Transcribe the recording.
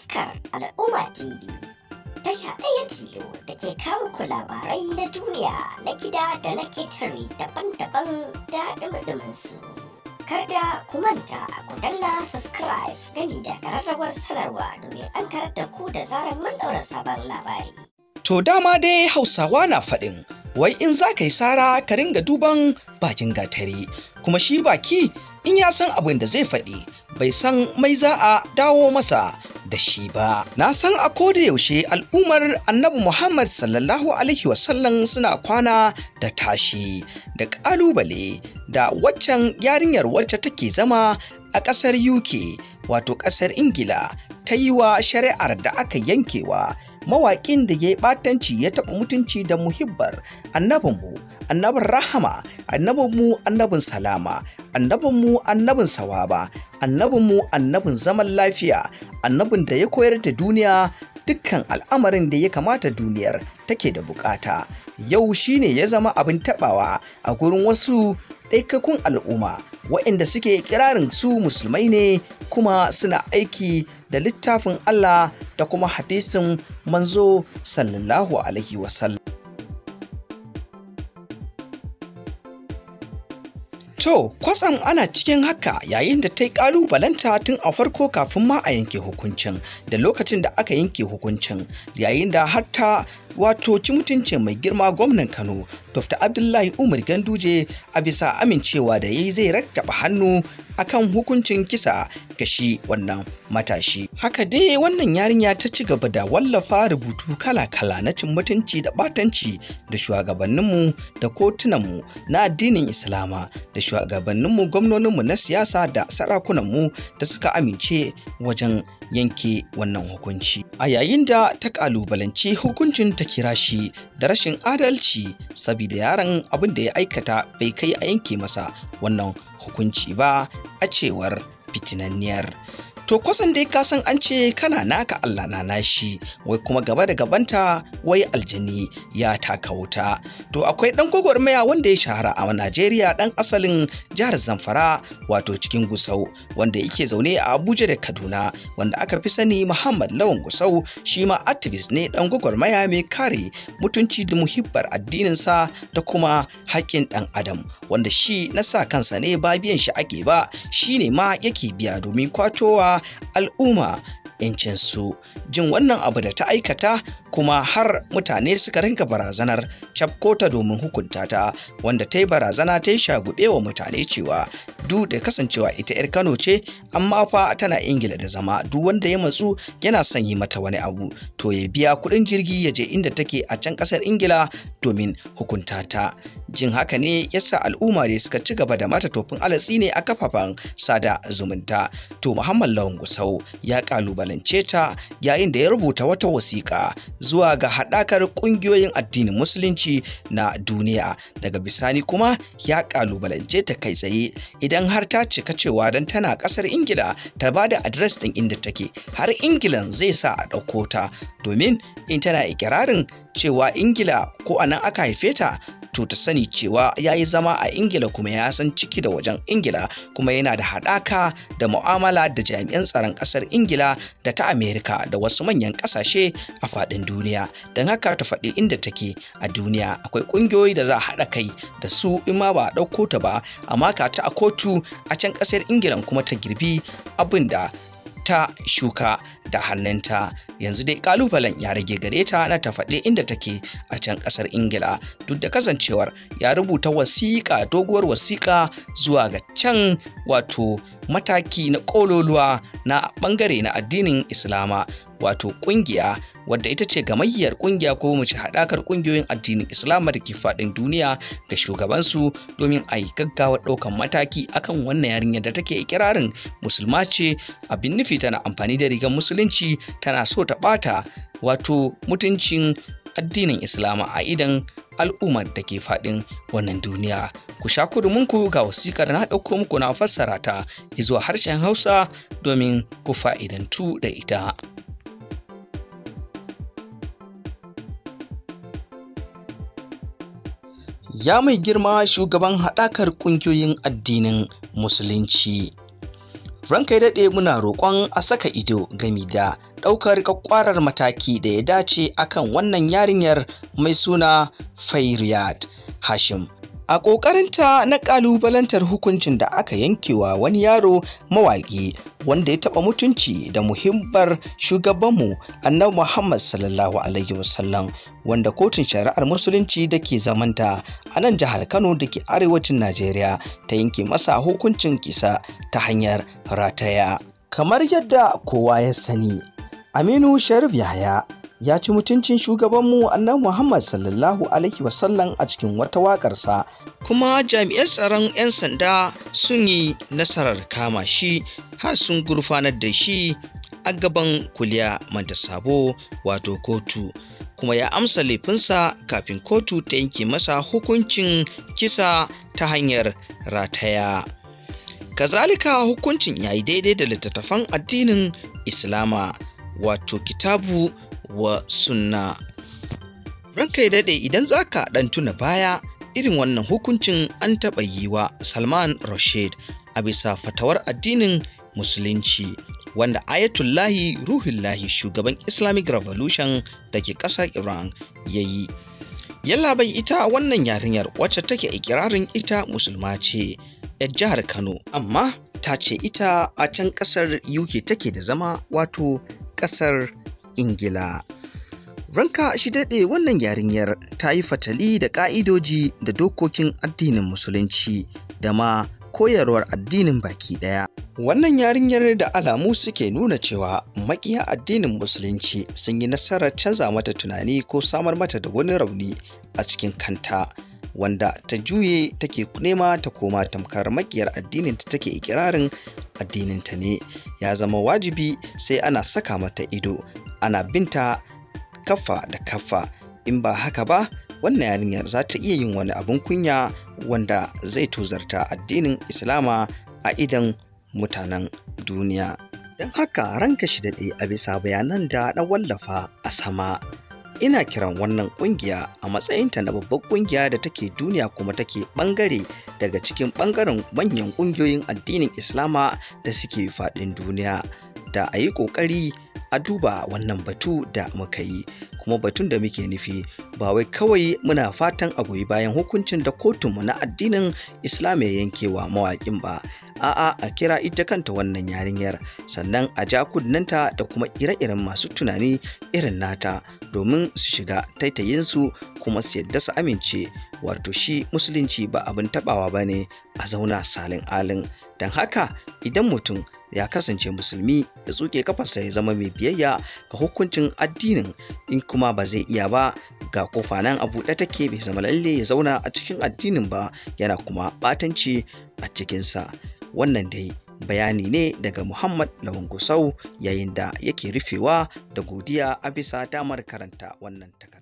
taskar al'umma tv tasha ɗaya tilo da ke kawo ku labarai na duniya na gida da na ketare daban-daban da ɗumɗumin su kada ku manta ku danna subscribe gani da ƙararrawar sanarwa domin an karar da ku da zarar mun ɗaura sabon labari to dama dai hausawa na faɗin wai in za ka yi sara ka ringa duban bakin gatari kuma shi baki in ya san abin da zai faɗi bai san mai za a dawo masa da shi ba na san a koda yaushe al'ummar annabi muhammad sallallahu alaihi wasallam suna kwana da tashi da ƙalubale da waccan yarinyar wacce take zama a ƙasar uk wato ƙasar ingila ta yi wa shari'ar da aka yankewa mawaƙin da ya yi ɓatanci ya taɓa mutunci da muhibbar annabinmu annabin rahama annabinmu annabin salama annabinmu annabin sawaba annabinmu annabin zaman lafiya annabin da ya koyar da duniya dukkan al'amarin da ya kamata duniyar take da bukata yau shine ya zama abin tabawa a gurin wasu ɗaikakun al'umma waɗanda suke kirarin su musulmai ne kuma suna aiki da littafin Allah da kuma hadisin manzo sallallahu alaihi wasallam To, kwatsam ana cikin haka yayin da ta yi ƙalubalanta tun a farko kafin ma a yanke hukuncin da lokacin da aka yanke hukuncin yayin da har ta wato ci mutunci mai girma gwamnan Kano Dr. Abdullahi Umar Ganduje a bisa amincewa da yi zai rakkaba hannu akan hukuncin kisa ga shi wannan matashi. Haka dai wannan yarinya ta ci gaba da wallafa rubutu kala-kala na cin mutunci da batanci da shugabanninmu da kotunanmu na addinin Islama da shugabanninmu gwamnoninmu na siyasa da sarakunanmu da suka amince wajen yanke wannan hukunci a yayin da ta kalubalance hukuncin ta kira shi da rashin adalci saboda yaron abin da ya aikata bai kai a yanke masa wannan hukunci ba a cewar fitinanniyar to kwasan dai ka san an ce kana naka Allah na nashi wai kuma gaba da gabanta wai aljini ya taka wuta to akwai dan gwagwarmaya wanda ya shahara a Najeriya dan asalin jihar Zamfara wato cikin Gusau wanda yake zaune a Abuja da Kaduna wanda aka fi sani Muhammad Lawan Gusau shi ma activist ne dan gwagwarmaya mai kare mutunci da muhibbar sa da kuma haƙƙin ɗan adam wanda shi na sa kansa ne ba biyan shi ake ba shi ne ma yake biya domin kwatowa الأمة incinsu jin wannan abu da ta aikata kuma har mutane suka rinka barazanar cafkota domin hukunta ta wanda ta yi barazana ta yi shagube wa mutane cewa du da kasancewa ita 'yar kano ce amma fa tana ingila da zama duk wanda ya matsu yana son yi mata wani abu to ya biya kuɗin jirgi ya je inda take a can ƙasar ingila domin hukunta ta jin haka ne yasa al'umma ne suka ci gaba da mata tofin alatsi ne a kafafen sada zumunta to muhammad lawan gusau ya kalubala kalubalance ta yayin da ya rubuta wata wasiƙa zuwa ga haɗakar ƙungiyoyin addinin musulunci na duniya daga bisani kuma ya ƙalubalance ta kai tsaye idan har ta cika cewa don tana ƙasar ingila ta ba da adres ɗin inda take har ingilan zai sa a ɗauko ta domin in tana ikirarin cewa ingila ko a nan aka haife ta to ta sani cewa ya yi zama a ingila kuma ya san ciki da wajen ingila kuma yana da haɗaka da mu'amala da jami'an tsaron ƙasar ingila da ta amerika da wasu manyan ƙasashe a faɗin duniya don haka ta faɗi inda take a duniya akwai ƙungiyoyi da za a haɗa kai da su in ma ba a ɗauko ta ba amma ka ta a kotu a can ƙasar ingila kuma ta girbi abin da ta shuka da hannunta yanzu dai kalubalen ya rage gare ta na ta faɗi inda take a can ƙasar ingila duk da kasancewar ya rubuta wasiƙa doguwar wasiƙa zuwa ga can wato mataki na ƙololuwa na ɓangare na addinin islama wato kungiya wadda ita ce gamayyar kungiya ko mace haɗakar ƙungiyoyin addinin Islama da ke faɗin duniya ga shugabansu domin a yi gaggawa ɗaukan mataki akan wannan yarinyar da take ikirarin musulma ce abin nufi tana amfani da rigar musulunci tana so ta ɓata wato mutuncin addinin Islama a idan al'ummar da ke faɗin wannan duniya. Ku sha kudumunku ga wasikar na ɗauko muku na fassara ta zuwa harshen Hausa domin ku fa'idantu da ita. ya mai girma shugaban haɗakar ƙungiyoyin addinin musulunci ranka ya daɗe muna roƙon a saka ido gami da ɗaukar ƙwaƙƙwarar mataki da ya dace akan wannan yarinyar mai suna Fairyard hashim a ƙoƙarinta na ƙalubalantar hukuncin da aka yankewa wani yaro mawaƙi wanda ya taɓa mutunci da muhimmar shugabanmu annabi muhammad sallallahu alaihi wasallam wanda kotun shari'ar musulunci da ke zamanta a nan jihar kano da ke arewacin najeriya ta yanke masa hukuncin kisa ta hanyar rataya kamar yadda kowa ya sani aminu sharif yahaya ya ci mutuncin shugabanmu annan Muhammad sallallahu alaihi wasallam a cikin wata waƙarsa. Kuma jami'an tsaron 'yan sanda sun yi nasarar kama shi har sun gurfanar da shi a gaban kuliya manta sabo wato kotu. Kuma ya amsa laifinsa kafin kotu ta yanke masa hukuncin kisa ta hanyar rataya. Kazalika hukuncin ya yi daidai da littattafan addinin Islama wato kitabu wa sunna ranka ya daɗe idan za ka ɗan tuna baya irin wannan hukuncin an taɓa yi wa salman rashid a bisa fatawar addinin musulunci wanda ayatullahi ruhullahi shugaban islamic revolution da ke ƙasar iran ya yi bai ita wannan yarinyar wacce take ikirarin ita musulma ce 'yar jihar kano amma ta ce ita a can ƙasar uk take da zama wato ƙasar ingila ranka shi daɗe wannan yarinyar ta yi fatali da ƙa'idoji da dokokin addinin musulunci da ma koyarwar addinin baki ɗaya wannan yarinyar da alamu suke nuna cewa makiya addinin musulunci sun yi nasarar canza mata tunani ko samar mata da wani rauni a cikin kanta wanda ta juye take nema ta koma tamkar makiyar addinin ta take ikirarin addininta ne ya zama wajibi sai ana saka mata ido ana binta kafa da kafa in ba haka ba wannan yarinyar za ta iya yin wani abin kunya wanda zai tozarta addinin islama a idan mutanen duniya don haka ranka shi daɗe a bisa bayanan da na wallafa a sama ina kiran wannan kungiya a matsayinta na babbar kungiya da take duniya kuma take bangare daga cikin bangaren manyan kungiyoyin addinin islama da suke faɗin duniya da a yi ƙoƙari a duba wannan batu da muka yi kuma batun da muke nufi ba wai kawai muna fatan a goyi bayan hukuncin da kotunmu na addinin islam ya yankewa mawaƙin ba a'a a kira ita kanta wannan yarinyar sannan a ja kunnenta da kuma ire-iren masu tunani irin nata domin su shiga taitayinsu kuma su yadda su amince wato shi musulunci ba abin tabawa ba ne a zauna salin alin don haka idan mutum ya kasance musulmi ya tsuke kafarsa ya zama mai biyayya ga hukuncin addinin in kuma ba zai iya ba ga kofa nan a buɗe take bai zama lalle ya zauna a cikin addinin ba yana kuma ɓatanci a cikinsa wannan dai bayani ne daga Muhammad Lawan Gusau yayin da yake rufewa da godiya a bisa damar karanta wannan takarda.